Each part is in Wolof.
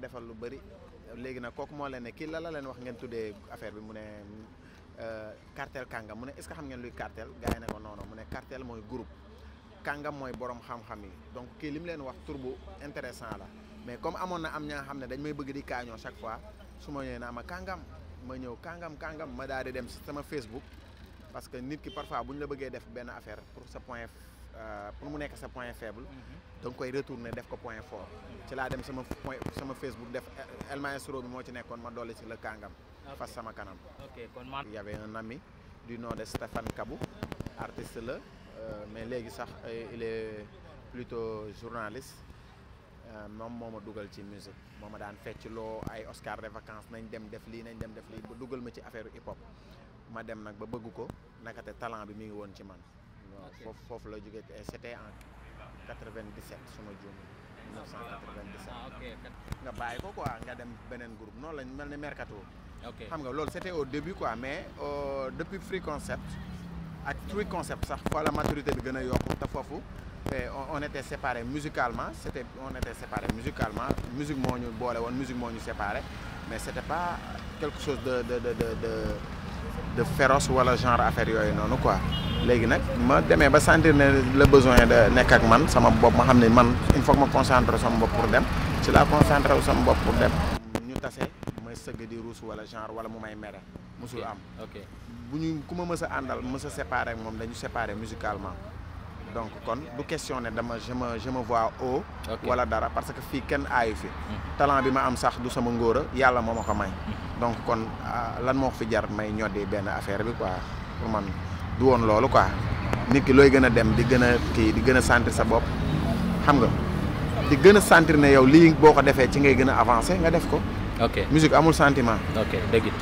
defal lu bëri léegi nag kooku moo leen ne kii la la leen wax ngeen tuddee affaire bi mu ne euh, cartel kàngam mu ne est-ce que xam ngeen luy cartel gars yi ne ko noonu mu ne cartel mooy groupe kàngam mooy borom xam-xam yi donc kii li mu leen wax tour bu intéressant la mais comme amoon na am ñaa xam ne dañ may bëgg di kaañoo chaque fois su ma ñëwee naa ma kàngam ma ñëw kàngam kàngam ma daal di dem si sama Facebook parce que nit ki parfois bu ñu la bëggee def benn affaire pour sa Euh, pour mu nekk sa point faible mhm. da nga koy retourner def ko point fort ci laa dem sama point sama Facebook def Elma Soro bi moo ci nekkoon ma dolli ci la kàngam fas sama kanam ok kon man y avait un ami du nom de Stéphane Kabou artiste la euh, mais léegi sax euh, il est plutôt journaliste moom moo ma dugal ci musique moo ma daan fecc loo ay Oscar de vacances nañ dem def lii nañ dem def lii ba dugal ma ci affaire hip hop ma dem nag ba bëgg ko nakate talent bi mi ngi woon ci man foofu foofu la jógee c'était en 97 suma juum 1997 ah, ok nga bàyyi ko quoi nga dem beneen groupe noonu lañ mel ni mercato ok xam nga lool c'était au début quoi mais euh, depuis free concept ak free concept sax foo la maturité bi gën a yokku te foofu on était séparés musicalement c'était on était séparés musicalement musique moo ñu boole woon musique moo ñu séparé mais c'était pas quelque chose de de de de def féroce wala genre affaire yooyu noonu quoi léegi nag ma demee ba sentir ne le besoin de nekk ak man sama bopp ma xam ne man il faut ma concentré sama bopp pour dem ci la concentré wu sama bopp pour dem ñu tase may sëgg di ruus wala genre wala mu may mere musul am bu ñu ku ma mës a àndal mës a séparé ak moom dañu séparé musicalement donc kon du question ne dama je me je me vois haut wala dara parce que fii kenn aayu fi mhm. talent bi ma am sax du sama ngóora yàlla moo ma ko may mhm. donc kon ah, lan moo fi jar may ñoddi benn affaire bi quoi pour man du woon loolu quoi nit ki looy gën a dem di gën a kii di gën a sentir sa bopp xam nga di gën a sentir ne yow lii boo ko defee ci ngay gën a avancé nga def ko ok musique amul sentiment ok dëgg it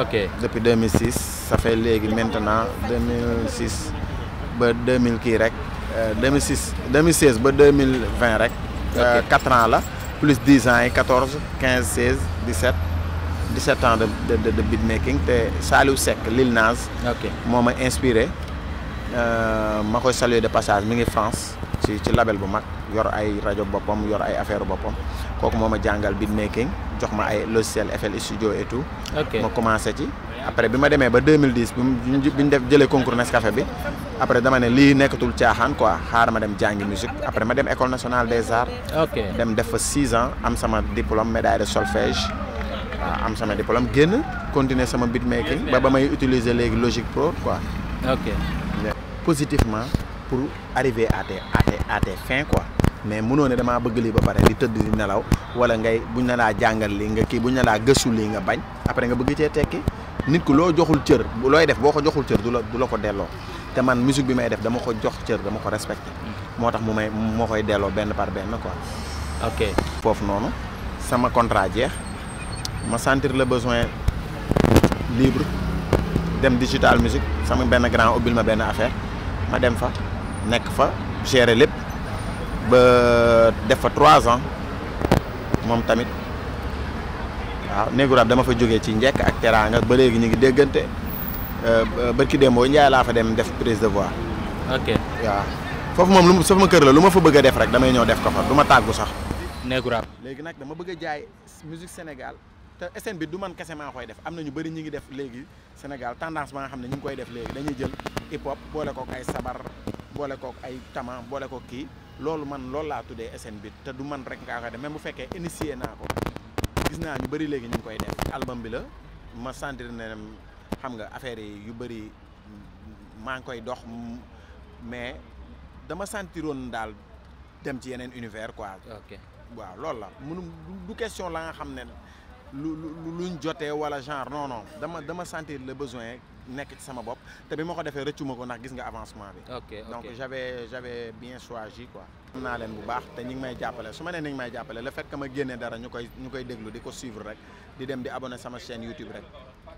ok depuis 2006 ça fait léegi maintenant 2006 ba mille kii rek 2006 euh, 2016 ba deux mille 2020 rek. ok 4 euh, ans la plus dix ans yi 14 15 16 17 17 ans de de de, de beatmaking te Saliou Seck Lil Nas. ok moom ma inspiré euh, ma koy saluer de passage mi ngi France ci ci label bu mag. yor ay rajo boppam yor ay affaire boppam kooku moom a jàngal beatmaking jox ma ay logiciel FL Studio et tout. ma commencé ci. après bi ma demee ba 2010 bi ñu def jëlee concours Nescafé bi après dama ne lii nekkatul caaxaan quoi xaar ma dem jàngi musique après ma dem école nationale des arts. dem def fa 6 ans am sama diplôme médaille de solfège. waaw am sama diplôme génn continuer sama beatmaking ba ba may utiliser léegi Logic Pro quoi. ok. positivement pour arriver à tes à tes quoi. mais mënoo ne damaa bëgg lii ba pare di tëdd di nelaw wala ngay buñ la laa jàngal lii nga kii buñ la laa gëstu lii nga bañ après nga bëgg cee tekki nit ku loo joxul cër looy def boo ko joxul cër du la la ko delloo te man musique bi may def dama ko jox cër dama ko respecté mm-hmm. moo tax mu may moo koy delloo benn par benn quoi. ok foofu noonu sama contrat jeex ma sentir le besoin libre dem digital musique sama benn grand ubbil ma benn affaire ma dem fa nekk fa gérer lépp. ba def fa trois ans moom tamit waaw néegu rab dama fa jógee ci njekk ak teraanga ba léegi ñu ngi déggante dem euh, démboo Njaay laa fa dem def prise de voix. ok waaw foofu moom lu ma sama kër la lu ma fa bëgg a def rek damay ñëw def ko fa du ma tàggu sax. néegu rab léegi nag dama bëgg a jaay musique Sénégal te scène bi du man kese maa koy def am na ñu bari ñu ngi def léegi Sénégal tendance ba nga xam ne ñu ngi koy def léegi dañuy jël hip hop boole kook ay sabar boole kook ay tama boole kook kii. loolu man loolu laa tuddee SN bi te du man rek ngaa ko def même bu fekkee initié naa ko gis naa ñu bëri léegi ñu ngi koy def album bi la ma sentir ne xam nga affaire yi yu bëri maa ngi koy dox mais dama sentiroon daal dem ci yeneen univers quoi. ok waaw loolu la mënu du question la nga xam ne lu lu luñ jotee wala genre non dama dama sentir le besoin. nekk ci sama bopp te bi ma ko defee rëccu ma ko ndax gis nga avancement bi. ok donc j'avais j'avais bien choisi quoi. xam naa leen bu baax te ñu ngi may jàppale su ma nee ni ngi may jàppale le fait que ma génnee dara ñu koy ñu koy déglu di ko suivre rek di dem di abonné sama chaîne YouTube rek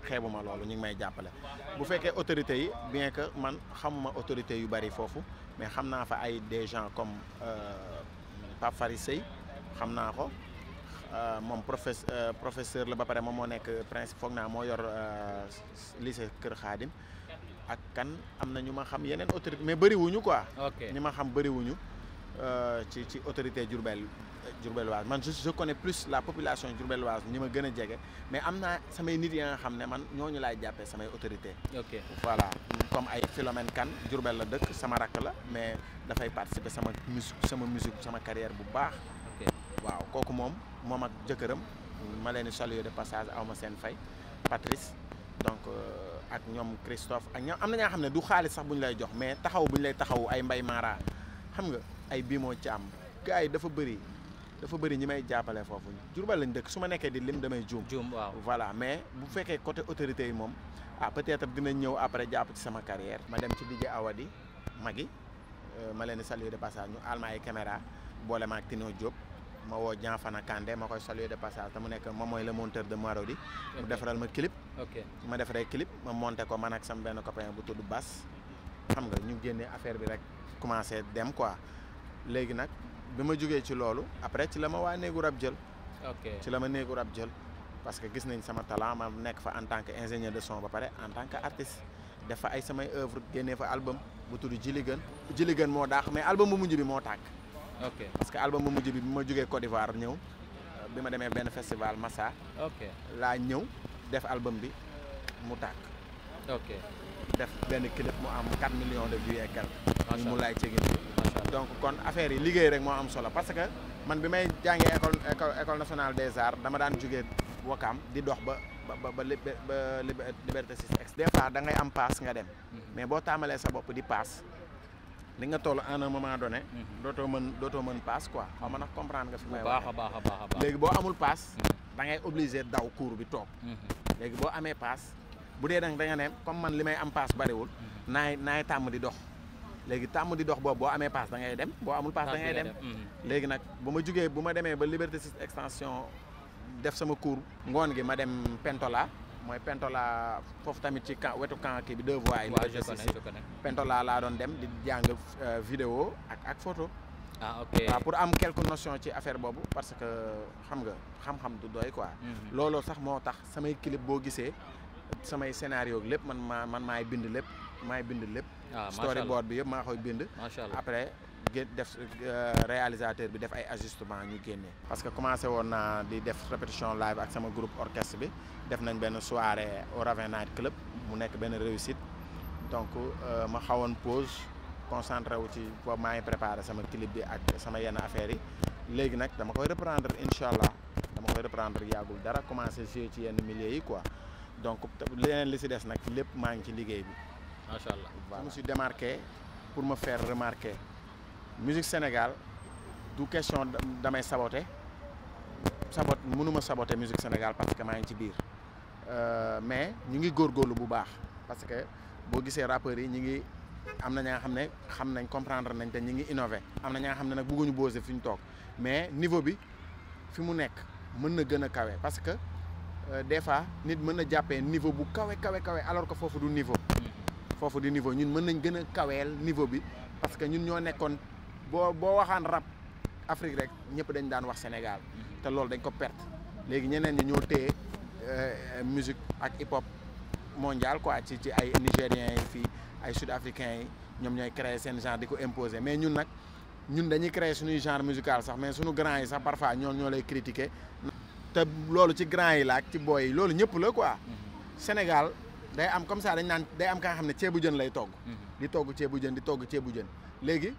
xeebuma loolu ñu ngi may jàppale. bu fekkee autorités yi bien que man xamuma autorité yu bari foofu mais xam naa fa ay des gens comme euh, Pape Farid Seye xam naa ko. Euh, moom professe euh, professeur la ba pare moom moo nekk principe foog naa moo yor euh, lycée Kër Xaadim ak kan am na ñu ma xam yeneen autorité mais bëriwuñu quoi. ok ñi ma xam bëriwuñu ci ci autorité Diourbel Diourbelloise man je je connais plus la population Diourbelloise ñi ma gën a jege mais am naa samay nit ya nga xam ne man ñooñu laay jàppee samay autorité ok voilà comme ay Philomène kan Diourbel la dëkk sama rakk la mais dafay participer sama musique sama musique sama carrière bu baax. waaw kooku moom moom ak jëkkëram ma leen di saluer de passage aw ma seen fay Patrice donc euh, ak ñoom Christophe ak ñoom am na ñaa xam ne du xaalis sax bu ñu lay jox mais taxaw bu ñu lay taxaw ay mbay maara xam nga ay bii moo ci am gars yi dafa bëri dafa bëri ñi may jàppale foofu Jurbel lañ dëkk su ma nekkee di lim damay juum. juum voilà mais bu fekkee côté autorité yi moom ah peut-être dinañ ñëw après jàpp ci sama carrière ma dem ci DJ Awadi Magui euh, ma leen di saluer de passage ñu alma ay caméra ak Tino Diop. ma woo Dianfana Kandé ma koy saluer de passage te mu nekk moom mooy le monteur de Marodi mu defaral ma clip ma defaree clip ma monté ko man ak sama benn copain bu tudd Bass xam nga ñu génnee affaire bi rek commencé dem quoi léegi nag bi ma jógee ci loolu après ci la ma waa néegu rab jël ci la ma néegu rab jël parce que gis nañ sama talent ma nekk fa en tant que ingénieur de son ba pare en tant que artiste def fa ay samay œuvre génnee fa album bu tudd Jiligan Jiligan moo daax mais album bu mujj bi moo tàkk ok parce que album bu mujj bi bi ma jógee Côte d'Ivoire ñëw bi ma demee benn festival Massa. ok laa ñëw def album bi mu tàkk. ok def benn clip mu am 4 million de vues et mu laay cegin donc kon affaire yi liggéey rek moo am solo parce que man bi may jàngee école école nationale des arts dama daan jógee Wakaam di dox ba. ba ba ba liberté 6 ex des fois da ngay am paas nga dem mhm. mais boo taamalee sa bopp di paas li nga toll en un moment donné. Mhm. dootoo mën dootoo mën paas quoi xaw ma nag comprendre nga fi may waxee. baax a léegi boo amul paas. Mhm. da ngay obligé daw cours bi toog. Mhm. léegi boo amee paas bu dee nag da nga comme man li may am paas bariwul. naay naay tàmm di dox. léegi tàmm di dox boobu boo amee paas da ngay dem boo amul paas da ngay dem. léegi nag bu ma jugee bu ma demee ba Liberté 6 extension def sama cours. ngoon gi ma dem Pentola. mooy pentola foofu tamit ci camp wetu camp kii bi deux voies yi liberté six laa doon dem di jàng euh, vidéo ak ak photo ah pour am quelque notion ci affaire boobu parce que xam nga xam-xam du doy quoi mhm. looloo sax moo tax samay clip boo gisee samay scénario lépp man maa man maay bind lépp maay bind lépp ah, storyboard bi yëpp maa koy bind après gén def euh, réalisateur bi def ay ajustement ñu génnee parce que commencé woon naa di def répétition live ak sama groupe orchestre bi def nañ benn soirée au Raven Night Club mu nekk benn réussite donc euh, ma xawoon pause concentré wu ci boobu maa ngi préparé sama clip bi ak sama yenn affaires yi léegi nag dama koy reprendre incha allah dama koy reprendre yàggul dara commencé jouer ci yenn milieu yi quoi donc leneen li si des nag lépp maa ngi ci liggéey bi macha allah je me suis démarqué pour me faire remarquer musique Sénégal du question damay sabote sabote mënuma sabote musique Sénégal parce que maa ngi ci biir euh, mais ñu ngi góor góorlu bu baax parce que boo gisee rappeurs yi ñu ngi am na ña xam ne xam nañ comprendre nañ te ñu ngi innové am na ña nga xam ne nag bëgguñu bose fu ñu toog mais niveau bi fi mu nekk mën na gën a kawe parce que euh, des fois nit mën na jàppee niveau bu kawe kawe kawe alors que foofu du niveau mm-hmm. foofu du niveau ñun mën nañ gën a kaweel niveau bi parce que ñun ñoo nekkoon boo boo waxaan rab Afrique rek ñëpp dañ daan wax Sénégal mm-hmm. te loolu dañ ko perte léegi ñeneen ñi ñoo téye euh, musique ak hip hop mondial quoi ci ci ay nigériens yi fii ay sud africains yi ñoom ñooy créer seen genre di ko imposé mais ñun nag ñun dañuy créer suñuy genre musical sax mais suñu grand yi sax parfois ñoo ñoo lay critiquer te loolu ci grand yi laak ci boy yi loolu ñëpp la quoi mm-hmm. Sénégal day am comme ça dañ naan day am ka xam ne ceebu jën lay togg mm-hmm. di togg ceebu jën di togg ceebu jën léegi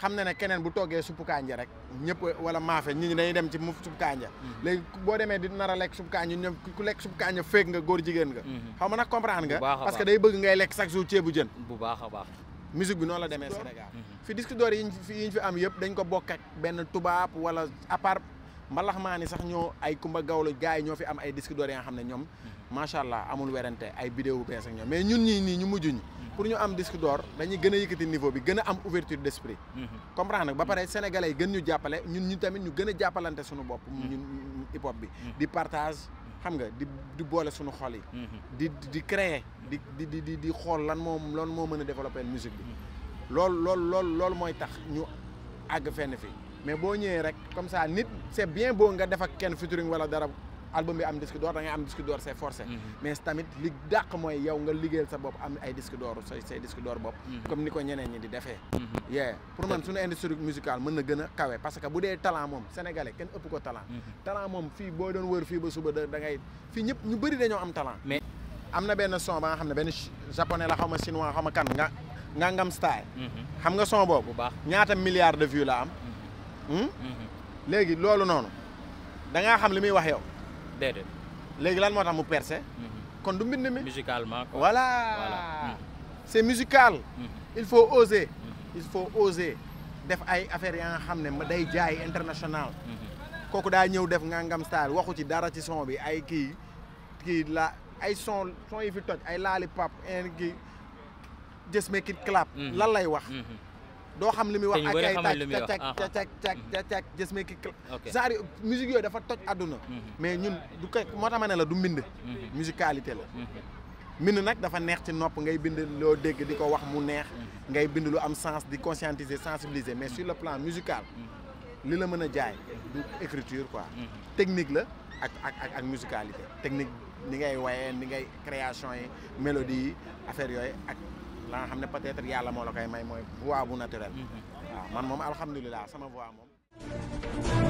xam na ne keneen bu toggee suppu kanja rek ñëpp wala maafe ñi ñi dañuy dem ci mu suppu kanja mhm. léegi boo demee di nar a lekk suppu kanja ñoom ku lekk suppu kanja féeg nga góor jigéen nga mhm. xaw ma nag comprendre nga parce que day bëgg ngay lekk chaque jour ceebu jën bu baax a baax musique bi noonu la demee Sénégal mhm. fi disque d'or yi ñu fi am yëpp dañ ko bokk benn tubaab wala à part mbalax maa ni sax ñoo ay kumba gawlo gars yi ñoo fi am ay disque d'or yi xam ne ñoom macha allah amul werante ay vidéo bu bees ñoom mais ñun ñii nii ñu mujj ñi pour ñu am disque d'or dañuy gën a yëkkati niveau bi gën a am ouverture d'esprit. Mhm. comprendre nag ba pare sénégalais yi gën ñu jàppale ñun ñu tamit ñu gën a jàppalante suñu bopp. Mhm. ñun hip hop bi. Mhm. di partage xam nga di di boole suñu xool yi. di di créer di di di di xool lan moo lan moo mën a développer musique bi. loolu loolu lool loolu mooy tax ñu àgg fenn fii mais boo ñëwee rek comme ça nit c'est bien boo nga def ak kenn featuring wala dara album bi am disque d'or da ngay am disque d'or c'est forcé mhm. mais tamit li dàq mooy yow nga liggéeyal sa bopp am ay disque d'or say say disque d'or bopp mhm. comme ni ko ñeneen ñi di defee mhm. yee pour man suñu industrie musicale mën na gën a kawe parce que bu dee talent moom sénégalais kenn ëpp ko talent talent moom fii boo doon wër fii ba suba da ngay fii ñëpp ñu bëri dañoo am talent mais am na benn son ba nga xam ne benn japonais la xaw ma chinois xaw ma kan nga ngangam style xam nga son boobu baax ñaata milliards de vues la am hmm? léegi loolu noonu da xam li muy wax yow déedéet léegi lan moo tax mu percé mhm. kon du mbind mi musicalement quoi voilà mhm. c' est musical mhm. il faut oser il faut oser def ay affaire ya nga xam ne day jaay international kooku daa ñëw def ngàngam style waxu ci dara ci son bi ay kii kii la ay son son yi fi toj ay laali pap en kii just make it clap lan lay wax doo xam li muy wax ak ay tàcc tàcc tàcc tàcc gis nga kii genre musique yooyu dafa toj àdduna. Mhm. mais ñun du ko moo tax ma ne la du mbind. Mhm. musicalité la. Mhm. mbind nag dafa neex ci nopp ngay bind loo dégg di ko wax mu neex. ngay bind lu am sens di conscientiser sensibiliser mais sur le plan musical. li la mën a jaay du écriture quoi. technique la ak ak ak ak musicalité technique ni ngay wayee ni ngay création yi mélodie yi affaire yooyu ak. la nga xam ne peut-être yàlla moo la koy may mooy voix bu naturel mm-hmm. waaw man moom alhamdulilah sama voix moom